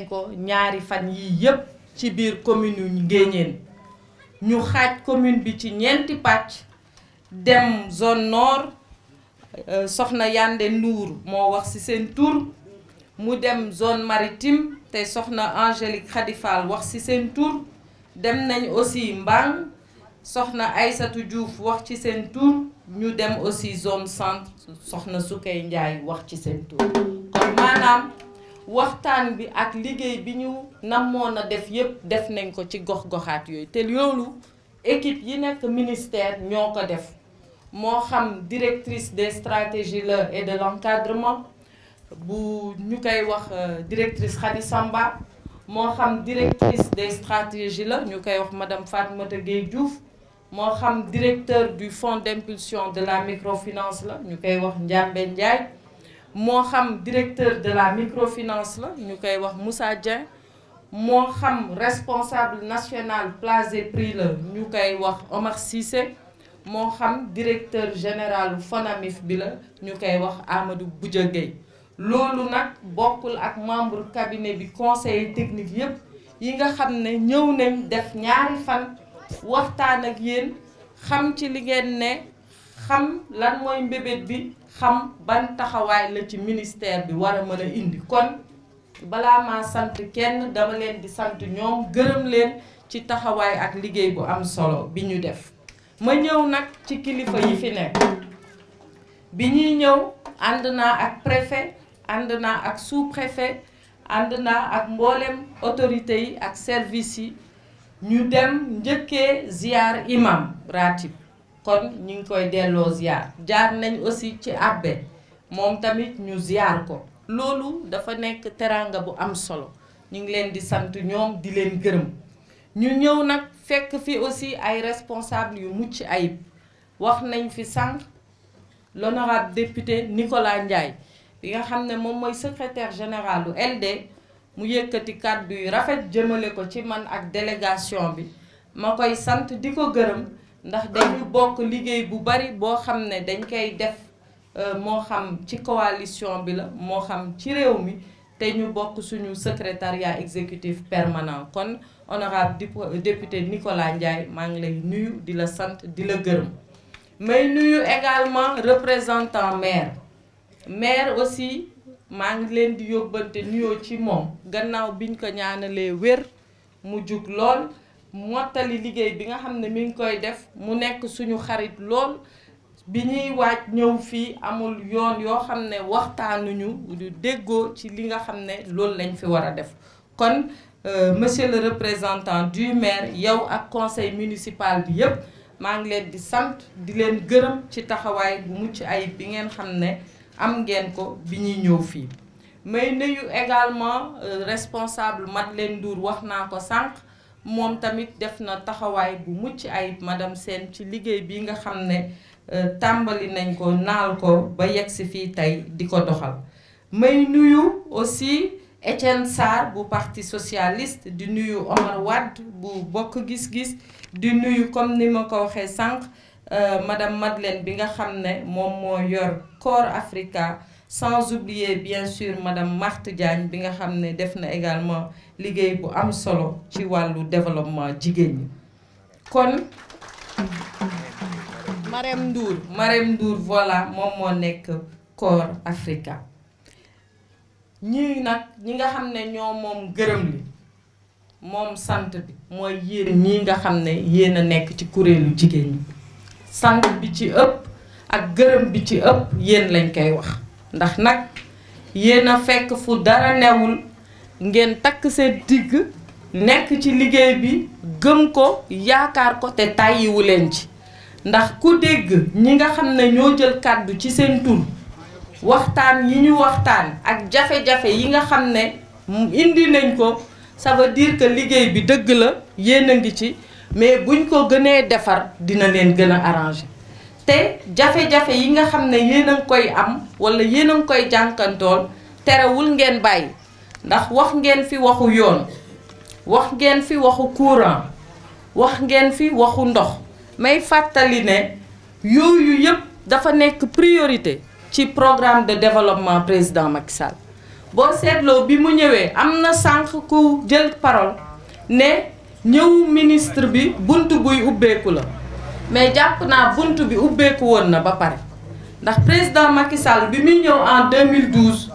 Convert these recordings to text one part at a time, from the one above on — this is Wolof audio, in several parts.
nañ ko ñaari fan yii yépp ci biir commune yu Nguéniène ñu xaaj commune bi ci ñeenti pàcc dem zone nord euh, soxna Yande nuur moo wax ci seen tur mu dem zone maritime te soxna Angélique Khadifal wax ci seen tur dem nañ aussi Mbang soxna Aïssatou Diouf wax ci seen tur ñu dem aussi zone centre soxna Soukey Ndiaye wax ci seen tur waxtaan bi ak liggéey bi ñu namoon a def yépp def nañ ko ci gox-goxaat yooyu te loolu équipe yi nekk ministère ñoo ko def moo xam directrice des stratégies la et de l'encadrement bu ñu koy wax euh, directrice Khady moo xam directrice des stratégies la ñu koy wax madame Fatmata Gueye Diouf moo xam directeur du fonds d'impulsion de la microfinance la ñu koy wax Ndiambe Ndiaye moo xam directeur de la microfinance la ñu koy wax Moussa Dieng moo xam responsable national place et prix la ñu koy wax Omar Cissé moo xam directeur général Fonamif bi la ñu koy wax Amadou Boudia Gueye loolu nag bokkul ak membre cabinet bi conseil technique yépp yi nga xam ne ñëw ne def ñaari fan waxtaan ak yéen xam ci li ngeen ne xam lan mooy mbébét bi xam ban taxawaay la ci ministère bi war a mën a indi kon balaa ma sant kenn dama leen di sant ñoom gërëm leen ci taxawaay ak liggéey bu am solo bi ñu def ma ñëw nag ci kilifa yi fi nekk bi ñuy ñëw ànd naa ak préfet ànd naa ak sous-préfet ànd naa ak mbooleem autorités yi ak service yi ñu dem njëkkee ziar imam ratib kon ñu ngi koy delloo ziar jaar nañ aussi ci àbbe moom tamit ñu ziar ko loolu dafa nekk teraanga bu am solo ñu ngi leen di sant ñoom di leen gërëm ñu ñëw nag fekk fi aussi ay responsable yu mucc ayib wax nañ fi sànq l'honorable député Nicolas Ndiaye bi nga xam ne moom mooy secrétaire général du LD mu yëkkati kàddu yu rafet jëmale ko ci man ak délégation bi ma koy sant di ko gërëm ndax dañu bokk liggéey bu bari boo xam ne dañ koy def euh, moo xam ci coalition bi la moo xam ci réew mi te ñu bokk suñu secrétariat exécutif permanent kon honorable député Nicolas Ndiaye maa ngi lay nuyu di la sant di la gërëm may nuyu également représentant maire maire aussi maa ngi leen di yóbbante nuyoo ci moom gannaaw biñ ko ñaanalee wér mu jug lool mottali liggéey bi nga xam ne mi ngi koy def mu nekk suñu xarit lool bi ñuy waaj ñëw fii amul yoon yoo xam ne waxtaanuñu ñu déggoo ci li nga xam ne loolu lañ fi war a def kon euh, monsieur le représentant du maire yow ak conseil municipal bi yëpp maa ngi leen di sant di leen gërëm ci taxawaay bu mucc ayib bi ngeen xam ne am ngeen ko bi ñuy ñëw fii may nuyu également euh, responsable leen Ndour wax naa ko sànq moom tamit def na taxawaay bu mucc ayib madam seen ci liggéey bi nga xam ne euh, tàmbali nañ ko naal ko ba yegg si fii tey di ko doxal may nuyu aussi Étienne Sarr bu parti socialiste di nuyu Omar Wade bu bokk gis-gis di nuyu comme ni ma ko waxee sànq euh, madame Madeleine bi nga xam ne moom moo yor Corps Africa sans oublier bien sûr madame Marthe Diagne bi nga xam ne def na également liggéey bu am solo ci wàllu développement jigéen ñi kon Marème Ndour Marème Ndour voilà moom moo nekk Corps Africa ñii nag ñi nga xam ne ñoo moom gërëm li moom sant bi mooy yéen ñii nga xam ne yéen a nekk ci kuréelu jigéen ñi sant bi ci ëpp ak gërëm bi ci ëpp yéen lañ koy wax ndax nag yéen a fekk fu dara newul ngeen takk seen digg nekk ci liggéey bi gëm ko yaakaar ko te tàyyiwu leen ci ndax ku dégg ñi nga xam ne ñoo jël kàddu ci seen tur waxtaan yi ñu waxtaan ak jafe-jafe yi nga xam ne indi nañ ko ça veut que liggéey bi dëgg la yéen a ngi ci mais buñ ko gënee defar dina leen gën a arranger te jafe-jafe yi nga xam ne yéen a ngi koy am wala yéen a ngi koy jànkantool terewul ngeen bàyyi ndax wax ngeen fi waxu yoon wax ngeen fi waxu courant wax ngeen fi waxu ndox may fàttali ne yooyu yëpp dafa nekk priorité ci programme de développement président Macky Sall boo seetloo bi mu ñëwee am na sànq ku jël parole ne ñëwu ministre bi bunt buy ubbeeku la mais jàpp naa bunt bi ubbeeku woon na ba pare ndax président Macky Sall bi muy ñëw en 2012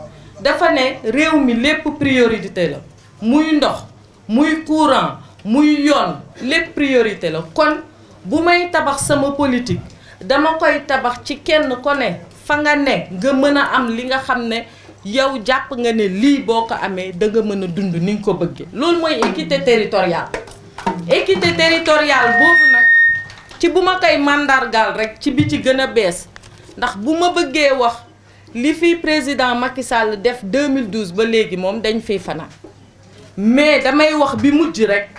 dafa ne réew mi lépp priorité la muy ndox muy courant muy yoon lépp priorité la kon bu may tabax sama politique dama koy tabax ci kenn ko ne fa nga ne nga mën a am li nga xam ne yow jàpp nga ne lii boo ko amee da mën a dund ni nga ko bëggee loolu mooy équité territoriale équité territoriale boobu nag ci bu ma koy màndargal rek ci bi ci gën a bees ndax bu ma bëggee wax li fi président Macky Sall def 2012 ba léegi moom dañ fiy fanaan mais damay wax bi mujj rek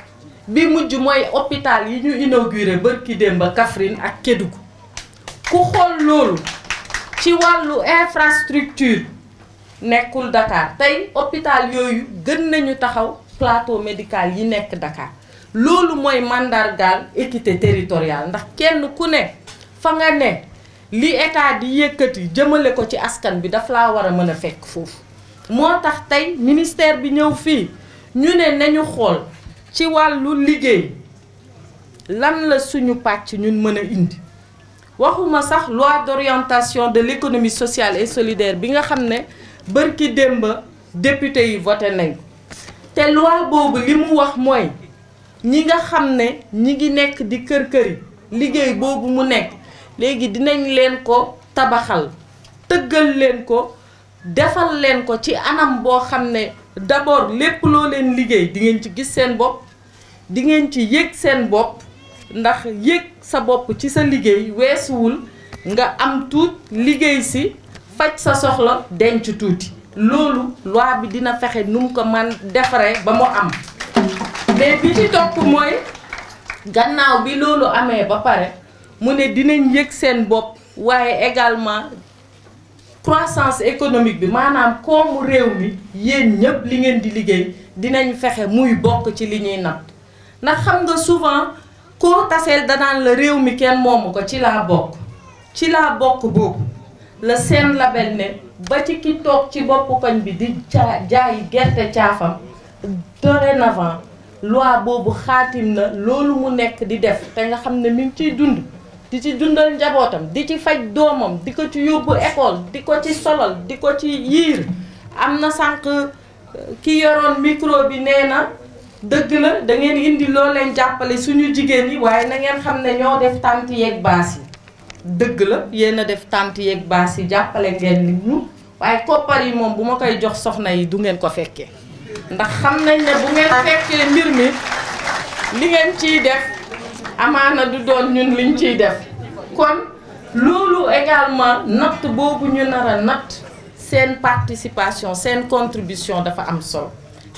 bi mujj mooy hôpital yi ñu inauguré bërki démb Kaffrine ak Kédougou ku xool loolu ci wàllu infrastructure nekkul Dakar tey hôpital yooyu gën nañu taxaw plateau médical yi nekk Dakar loolu mooy mandargaal équité territorial ndax kenn ku ne fa nga ne li état di yëkkati jëmale ko ci askan bi dafa laa war a mën a fekk foofu moo tax tey ministère bi ñëw fii ñu ne nañu xool ci wàllu liggéey lan la suñu pàcc ñun mën a indi waxuma sax loi d'orientation de l'économie sociale et solidaire bi nga xam ne bërki démba député yi voté nañ te loi boobu li mu wax mooy ñi nga xam ne ñi ngi nekk di kër-këri liggéey boobu mu nekk léegi dinañ leen ko tabaxal tëggal leen ko defal leen ko ci anam boo xam ne d'abord lépp loo leen liggéey di ngeen ci gis seen bopp dingeen ci yëg seen bopp ndax yëg sa bopp ci sa liggéey weesuwul nga am tuut liggéey si faj sa soxla denc tuuti loolu loi bi dina fexe nu mu ko man defaree ba mu am mais bi topp mooy gannaaw bi loolu amee ba pare mu ne dinañ yëg seen bopp waaye également croissance économique bi maanaam koomu réew mi yéen ñëpp li ngeen di liggéey dinañ fexe muy bokk ci li ñuy natt ndax xam nga souvent koo taseel danaan la réew mi kenn moomu ko ci laa bokk ci laa bokk boobu la seen label ne ba ci ki toog ci boppu koñ bi di caa jaayi gerte caafam dorénavant loi boobu xaatim na loolu mu nekk di def te nga xam ne mi ngi ciy dund di ci dundal njabootam di ci faj doomam di ko ci yóbbu école di ko ci solal di ko ci yiir am na sànq euh, ki yoroon micro bi nee na dëgg la dangeen ngeen indi loo leen jàppale suñu jigéen yi waaye na ngeen xam ne ñoo def tànt yeeg baas yi dëgg la yéen a def tànt yeeg baas yi jàppale ngeen nit waaye koppar yi moom bu ma koy jox soxna yi du ngeen ko fekkee ndax xam nañ ne bu ngeen fekkee mbir mi li ngeen ciy def amaana du doon ñun liñ ciy def kon loolu également natt boobu ñu nar a seen participation seen contribution dafa am sol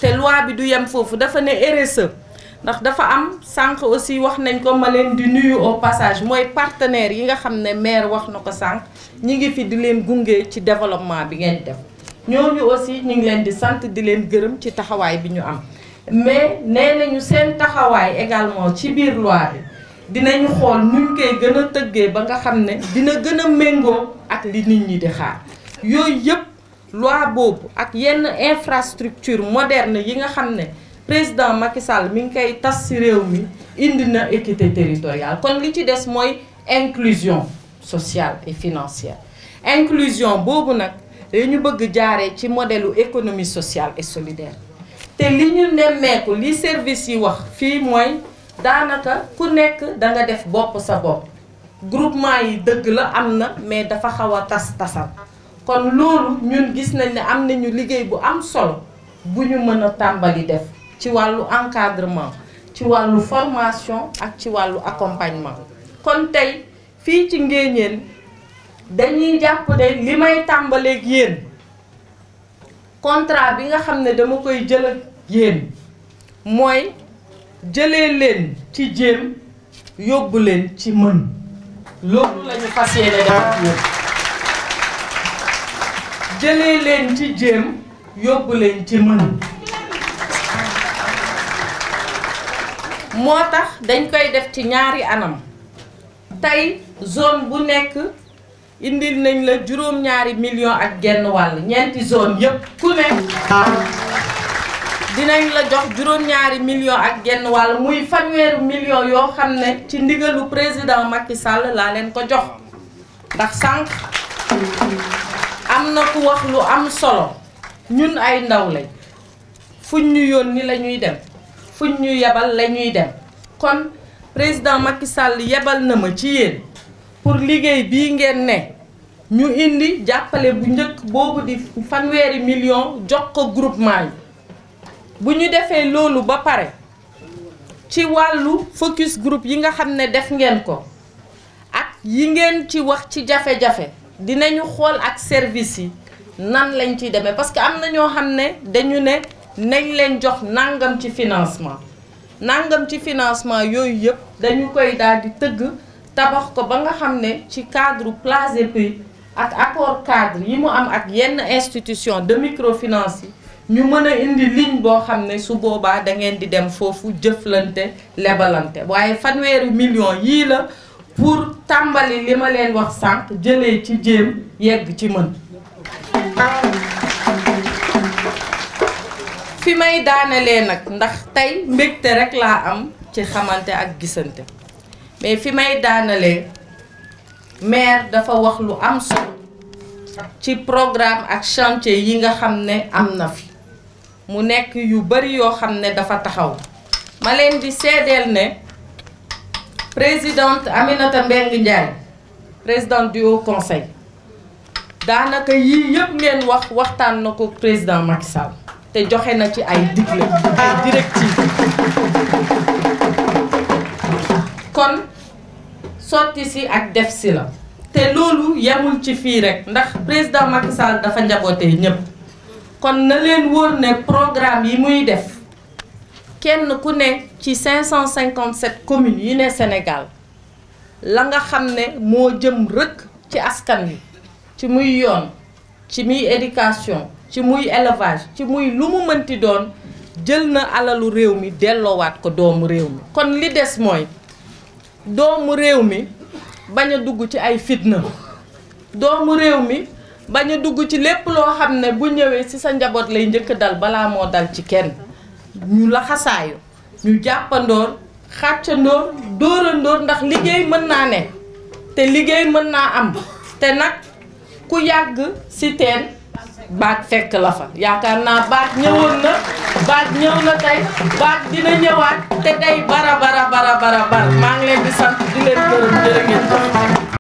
te loi bi du yem foofu dafa ne RSE ndax dafa am sànq aussi wax nañ ko ma leen di nuyu au passage mooy partenaires yi nga xam ne maire wax na ko sànq ñi ngi fi di leen gunge ci développement bi ngeen def ñooñu aussi ñu ngi leen di sant di leen gërëm ci taxawaay bi ñu am mais nee nañu seen taxawaay également ci biir loi bi dinañ xool nuñ koy gën a tëggee ba nga xam ne dina gën a méngoo ak li nit ñi di xaar yooyu yëpp loi boobu ak yenn infrastructure moderne yi nga xam ne président Macky Sall mi ngi koy tas ci réew mi indi na équité territoriale kon li ci des mooy inclusion sociale et financière inclusion boobu nag ñu bëgg jaaree ci modèle économie sociale et solidaire te li ñu nemmeeku li service yi wax fii mooy daanaka ku nekk danga def bopp sa bopp groupement yi dëgg la am na mais dafa xaw a tas tasal kon loolu ñun gis nañ ne am nañu liggéey bu am sol bu ñu mën a tàmbali def ci wàllu encadrement ci wàllu formation ak ci wàllu accompagnement kon tey fii ci ngéeñeen dañuy jàpp de li may tàmbaleeg yéen contrat bi nga xam ne dama koy jël ak yéen mooy jëlee leen ci jéem yóbbu leen ci mën loolu la ñu fas yéene defar yéen jëlee leen ci jéem yóbbu leen ci mën moo tax dañ koy def ci ñaari anam tey zone bu nekk indi nañ la juróom-ñaari million ak genn wàll ñeenti zone yépp ku nekk dinañ la jox juróom-ñaari millions ak genn wàll muy fanweeri millions yoo xam ne ci ndigalu président Macky Sall laa leen ko jox ndax sànq am na ku wax lu am solo ñun ay ndaw lañ fuñ ñu yónni la ñuy dem fuñ ñu yebal la ñuy dem kon président Macky Sall yebal na ma ci yéen pour liggéey bii ngeen ne ñu indi jàppale bu njëkk boobu di fanweeri million jox ko groupement yi bu ñu defee loolu ba pare ci wàllu focus group yi nga xam ne def ngeen ko ak yi ngeen ci wax ci jafe-jafe dinañu xool ak service yi nan lañ ciy demee parce que am na ñoo xam ne dañu ne nañ leen jox nangam ci financement nangam ci financement yooyu yëpp dañu koy daal di tëgg tabax ko ba nga xam ne ci cadre Pla GP ak accord cadre yi mu am ak yenn institution de microfinance yi ñu mën a indi ligne boo xam ne su boobaa da ngeen di dem foofu jëflante lebalante waaye fanweeri million yii la pour tàmbali li ma leen wax sànq jëlee ci jéem yegg ci mën fi may daanelee nag ndax tey mbégte rekk laa am ci xamante ak gisante mais fi may daanalee maire dafa wax lu am solo ci programme ak chantier yi nga xam ne am na fi mu nekk yu bari yoo xam ne dafa taxaw ma leen di seedeel ne présidente Aminata Mbengue Ndiaye présidente du haut conseil daanaka yii yëpp ngeen wax waxtaan na ko président Macky Sall te joxe na ci ay digle ay directive kon sotti si ak def si la te loolu yemul ci fii rek ndax président Macky Sall dafa njaboote ñëpp kon na leen wóor ne programme yi muy def kenn ku ne ci 557 communes yi ne Sénégal la nga xam ne moo jëm rëkk ci askan wi ci muy yoon ci muy éducation ci muy élevage ci muy lu mu mënti doon jël na alalu réew mi delloowaat ko doomu réew mi kon li des mooy doomu réew mi bañ dugg ci ay fitna doomu réew mi bañ dugg ci lépp loo xam ne bu ñëwee ci sa njaboot lay njëkk dal balaa moo dal ci kenn ñu la ñu jàppandoor xàccandoor dóorandoor ndax liggéey mën naa ne te liggéey mën naa am te nag ku yàgg ci teen baag fekk la fa yaakaar naa baag ñëwoon na baag ñëw na tey baag dina ñëwaat te day bara bara bara bara bar leen di sant di leen gërëm jërë